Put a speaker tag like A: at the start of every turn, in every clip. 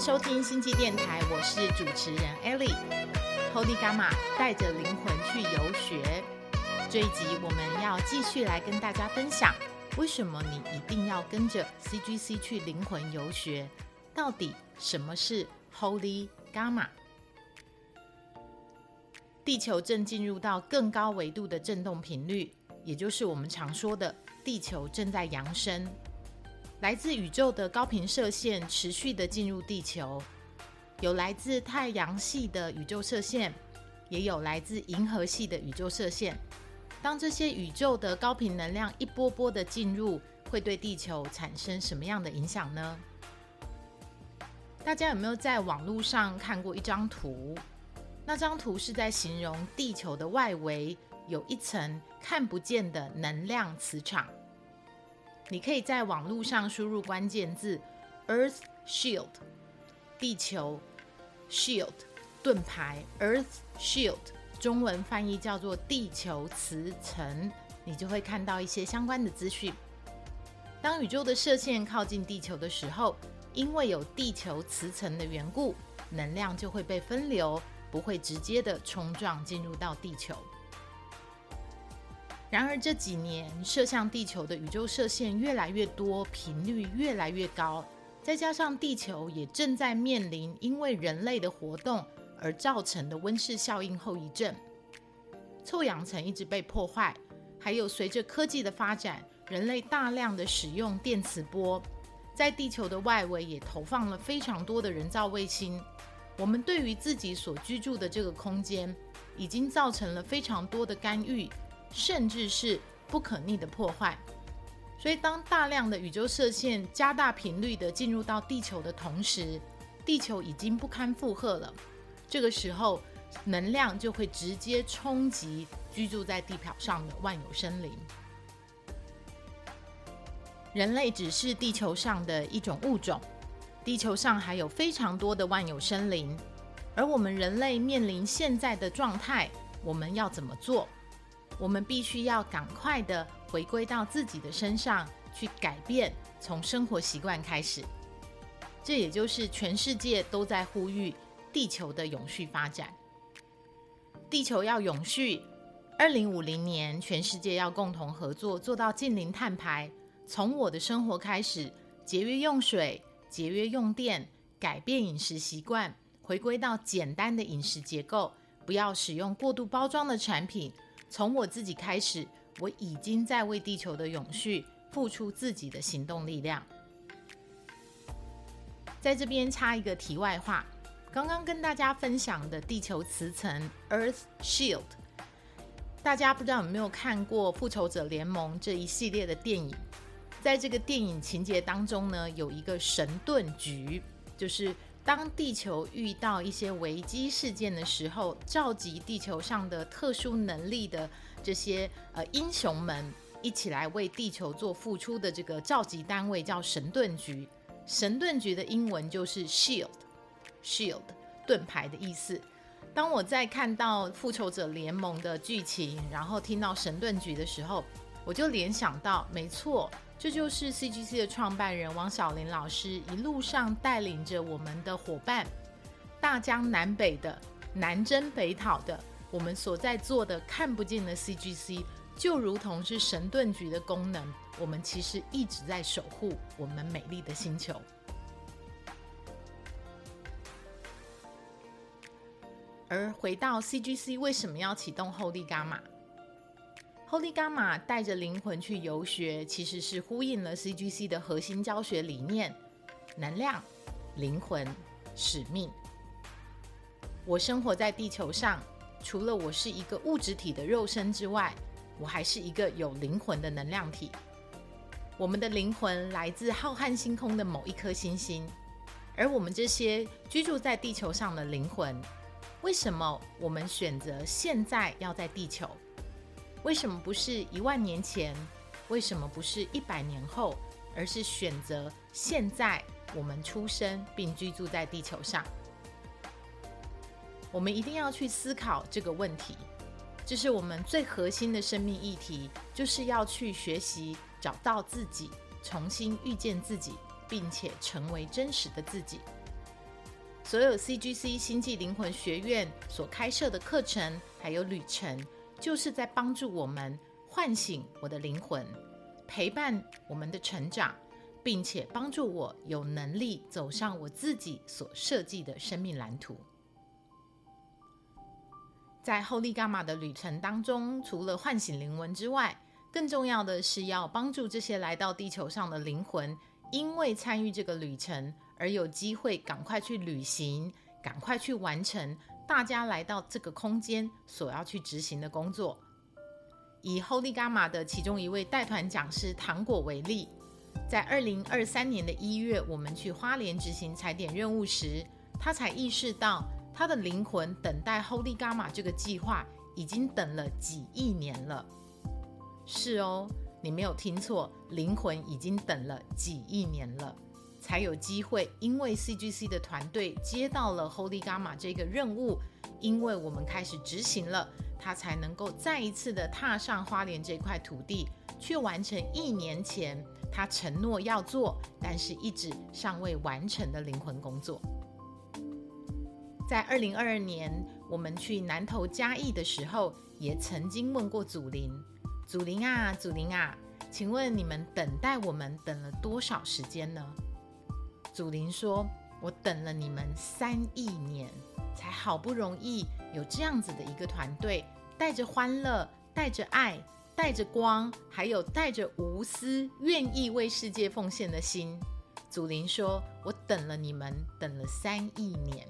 A: 收聽星際電台，我是主持人 Ellie。Holy Gamma 帶着靈魂去遊學，這一集我們要繼續來跟大家分享，為什麼你一定要跟着 CGC 去靈魂遊學？到底什麼是 Holy Gamma？地球正進入到更高維度的振動頻率，也就是我們常說的地球正在揚升。來自宇宙的高頻射線持續的進入地球，有來自太陽系的宇宙射線，也有來自銀河系的宇宙射線。當這些宇宙的高頻能量一波波的進入，會對地球產生什麼樣的影響呢？大家有沒有在網絡上看過一張圖？那張圖是在形容地球的外圍有一層看不見的能量磁場。你可以在網路上輸入關鍵字 “Earth Shield”，地球 Shield 盾牌，Earth Shield 中文翻譯叫做地球磁層，你就會看到一些相關的資訊。當宇宙的射線靠近地球的時候，因為有地球磁層的緣故，能量就會被分流，不會直接的衝撞進入到地球。然而這幾年射向地球的宇宙射線越來越多，頻率越來越高，再加上地球也正在面臨因為人類的活動而造成的溫室效應後遺症，臭氧層一直被破壞，還有隨着科技的發展，人類大量的使用電磁波，在地球的外圍也投放了非常多的人造衛星，我們對於自己所居住的這個空間已經造成了非常多的干預。甚至是不可逆的破壞，所以當大量的宇宙射線加大頻率的進入到地球的同時，地球已經不堪負荷了。這個時候，能量就會直接衝擊居住在地表上的萬有生靈。人類只是地球上的一種物種，地球上還有非常多的萬有生靈，而我們人類面臨現在的狀態，我們要怎麼做？我們必須要趕快的回歸到自己的身上去改變，從生活習慣開始。這也就是全世界都在呼籲地球的永續發展。地球要永續，二零五零年全世界要共同合作做到淨零碳排。從我的生活開始，節約用水，節約用電，改變飲食習慣，回歸到簡單的飲食結構，不要使用過度包裝的產品。從我自己開始，我已經在為地球的永續付出自己的行動力量。在這邊插一個題外話，剛剛跟大家分享的地球磁層 （Earth Shield），大家不知道有沒有看過《復仇者聯盟》這一系列的電影？在這個電影情節當中呢，有一個神盾局，就是。當地球遇到一些危機事件的時候，召集地球上的特殊能力的這些呃英雄們一起來為地球做付出的這個召集單位叫神盾局，神盾局的英文就是 Shield，Shield，Shield，盾牌的意思。當我在看到復仇者聯盟的劇情，然後聽到神盾局的時候，我就聯想到，沒錯。這就是 C G C 的創辦人王小林老師一路上帶領着我們的夥伴，大江南北的，南征北討的，我們所在做的看不見的 C G C，就如同是神盾局的功能，我們其實一直在守護我們美麗的星球。而回到 C G C 為什麼要啟動 HolyGamma？HolyGamma 帶着靈魂去遊學，其實是呼應了 CGC 的核心教學理念：能量、靈魂、使命。我生活在地球上，除了我是一個物質體的肉身之外，我還是一個有靈魂的能量體。我們的靈魂來自浩瀚星空的某一顆星星，而我們這些居住在地球上的靈魂，為什麼我們選擇現在要在地球？為什麼不是一萬年前？為什麼不是一百年後？而是選擇現在，我們出生並居住在地球上。我們一定要去思考這個問題，這是我們最核心的生命議題，就是要去學習，找到自己，重新遇見自己，並且成為真實的自己。所有 CGC 星際靈魂學院所開設的課程，還有旅程，就是在幫助我們喚醒我的靈魂，陪伴我們的成長，並且幫助我有能力走上我自己所設計的生命藍圖。在 HolyGamma 的旅程當中，除了喚醒靈魂之外，更重要的是要幫助這些來到地球上的靈魂，因為參與這個旅程而有機會趕快去旅行，趕快去完成。大家來到這個空間所要去執行的工作，以 HolyGamma 的其中一位帶團講師糖果為例，在二零二三年的一月，我們去花蓮執行踩點任務時，他才意識到他的靈魂等待 HolyGamma 這個計劃已經等了幾億年了。是哦，你沒有聽錯，靈魂已經等了幾億年了。才有機會，因為 CGC 的團隊接到了 Holy Gamma 這個任務，因為我們開始執行了，他才能夠再一次的踏上花蓮這塊土地，去完成一年前他承諾要做，但是一直尚未完成的靈魂工作。在二零二二年，我們去南投嘉義的時候，也曾經問過祖靈，祖靈啊，祖靈啊，請問你們等待我們等了多少時間呢？祖靈說：“我等了你們三億年，才好不容易有這樣子的一個團隊，帶着歡樂，帶着愛，帶着光，還有帶着無私、願意為世界奉獻的心。”祖靈說：“我等了你們，等了三億年。”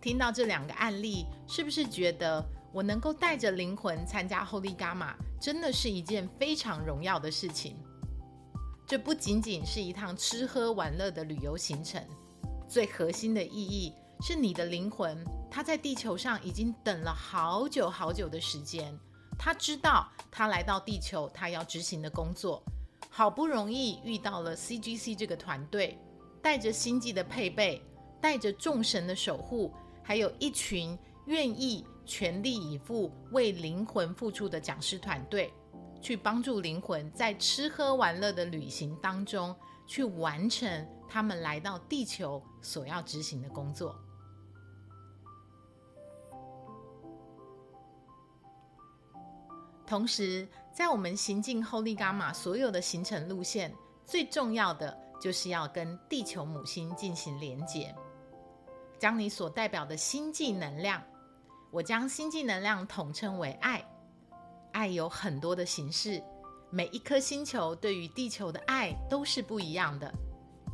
A: 聽到這兩個案例，是不是覺得我能夠帶着靈魂參加 HolyGamma 真的是一件非常榮耀的事情？這不僅僅是一趟吃喝玩樂的旅遊行程，最核心的意義是你的靈魂，他在地球上已經等了好久好久的時間，他知道他來到地球，他要執行的工作，好不容易遇到了 CGC 這個團隊，帶着星際的配備，帶着眾神的守護，還有一群願意全力以赴為靈魂付出的講師團隊。去幫助靈魂在吃喝玩樂的旅行當中，去完成他們來到地球所要執行的工作。同時，在我們行進後，HolyGamma 所有的行程路線，最重要的就是要跟地球母星進行連接，將你所代表的星際能量，我將星際能量統稱為愛。愛有很多的形式，每一顆星球對於地球的愛都是不一樣的。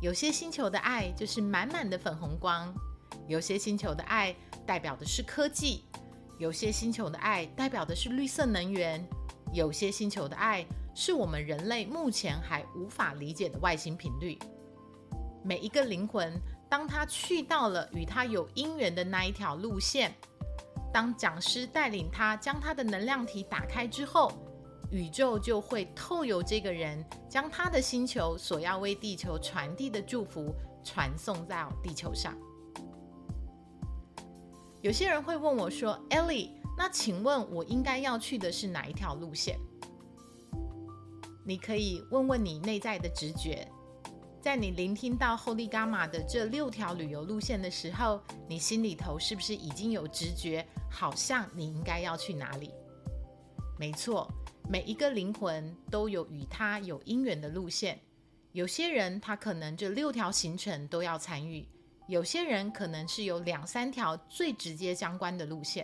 A: 有些星球的愛就是滿滿的粉紅光，有些星球的愛代表的是科技，有些星球的愛代表的是綠色能源，有些星球的愛是我們人類目前還無法理解的外星頻率。每一個靈魂，當他去到了與他有因緣的那一條路線。當講師帶領他將他的能量體打開之後，宇宙就會透由這個人，將他的星球所要為地球傳遞的祝福傳送到地球上。有些人會問我說：“Ellie，那請問我應該要去的是哪一條路線？”你可以問問你內在的直覺。在你聆聽到 HolyGamma 的這六條旅遊路線的時候，你心裡頭是不是已經有直覺，好像你應該要去哪裡？沒錯，每一個靈魂都有與他有因緣的路線。有些人他可能這六條行程都要參與，有些人可能是有兩三條最直接相關的路線。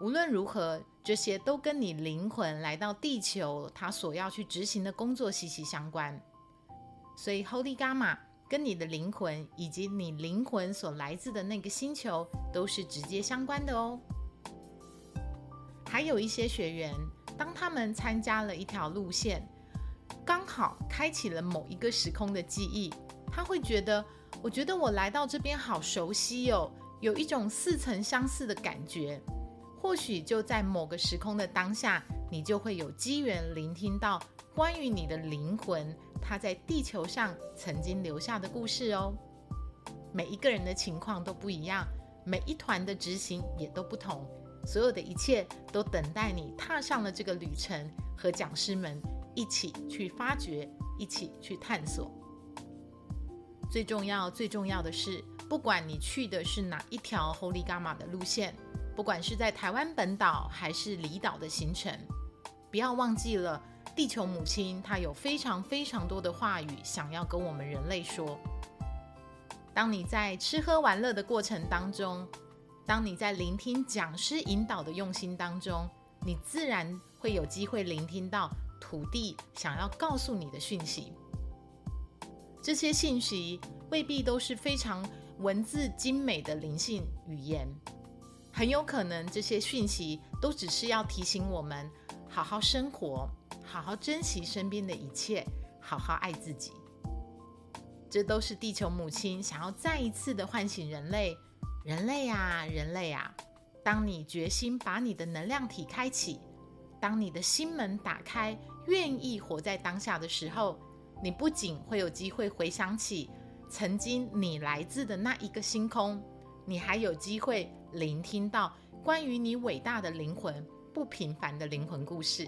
A: 無論如何，這些都跟你靈魂來到地球，他所要去執行的工作息息相關。所以，Holy Gamma 跟你的靈魂以及你靈魂所來自的那個星球都是直接相關的哦。還有一些學員，當他們參加了一條路線，剛好開啟了某一個時空的記憶，他會覺得，我覺得我來到這邊好熟悉哦，有一種似曾相識的感覺。或許就在某個時空的當下，你就會有機緣聆聽到。關於你的靈魂，它在地球上曾經留下的故事哦。每一個人的情況都不一樣，每一團的執行也都不同。所有的一切都等待你踏上了這個旅程，和講師們一起去發掘，一起去探索。最重要、最重要的是，不管你去的是哪一條 Holy Gamma 的路線，不管是在台灣本島還是離島的行程，不要忘記了。地球母親，她有非常非常多的話語想要跟我們人類說。當你在吃喝玩樂的過程當中，當你在聆聽講師引導的用心當中，你自然會有機會聆聽到土地想要告訴你的訊息。這些訊息未必都是非常文字精美的靈性語言，很有可能這些訊息都只是要提醒我們好好生活。好好珍惜身邊的一切，好好愛自己。這都是地球母親想要再一次的喚醒人類。人類啊，人類啊！當你決心把你的能量體開啟，當你的心門打開，願意活在當下的時候，你不僅會有機會回想起曾經你來自的那一個星空，你還有機會聆聽到關於你偉大的靈魂、不平凡的靈魂故事。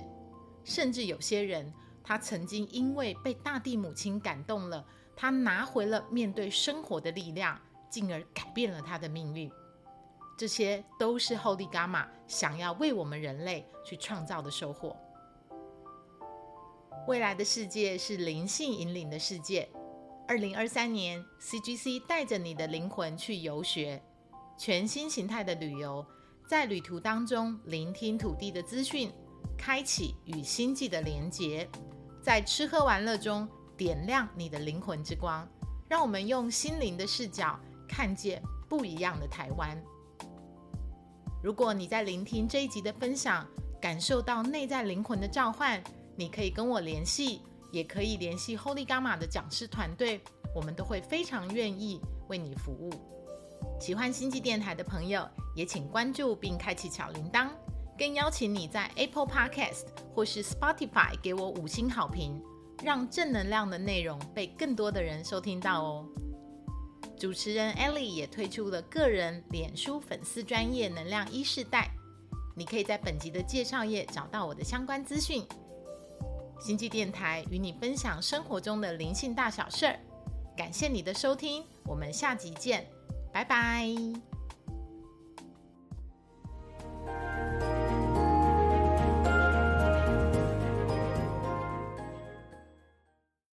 A: 甚至有些人，他曾經因為被大地母親感動了，他拿回了面對生活的力量，進而改變了他的命運。這些都是 HolyGamma 想要為我們人類去創造的收穫。未來的世界是靈性引領的世界。二零二三年，CGC 帶着你的靈魂去遊學，全新形態的旅遊，在旅途當中聆聽土地的資訊。開啟與星際的連接，在吃喝玩樂中點亮你的靈魂之光，讓我們用心靈的視角看見不一樣的台灣。如果你在聆聽這一集的分享，感受到內在靈魂的召喚，你可以跟我聯繫，也可以聯繫 Holy Gamma 的講師團隊，我們都會非常願意為你服務。喜歡星際電台的朋友，也請關注並開啟小鈴鐺。更邀請你在 Apple Podcast 或是 Spotify 給我五星好評，讓正能量的內容被更多的人收聽到哦。主持人 Ellie 也推出了個人臉書粉絲專頁「能量 ё 世代」，你可以在本集的介紹頁找到我的相關資訊。星際電台與你分享生活中的靈性大小事兒，感謝你的收聽，我們下集見，拜拜。